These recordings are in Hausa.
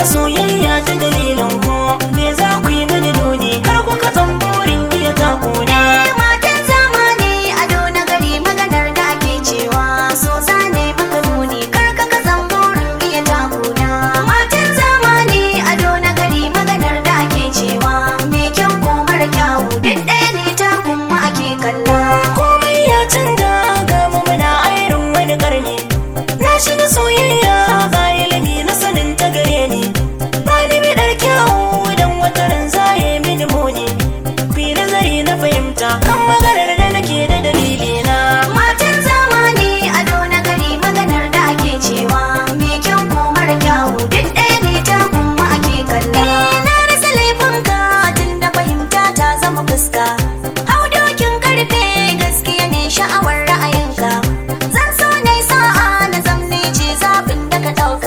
da soyayya ta dalilin ku me za ku yi gani doni kar ku katsan burin iya takuna matan zamani ado na gari maganar da ake cewa so zane maka nuni kar ka katsan burin iya takuna matan zamani ado na gari maganar da ake cewa me kyau ko mara kyau duk ɗaya ne takun ake kalla komai ya canza ga mu muna irin wani karni na shiga soyayya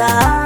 Gracias.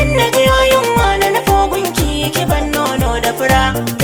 in na ji wani na fogunki ki ban nono da fura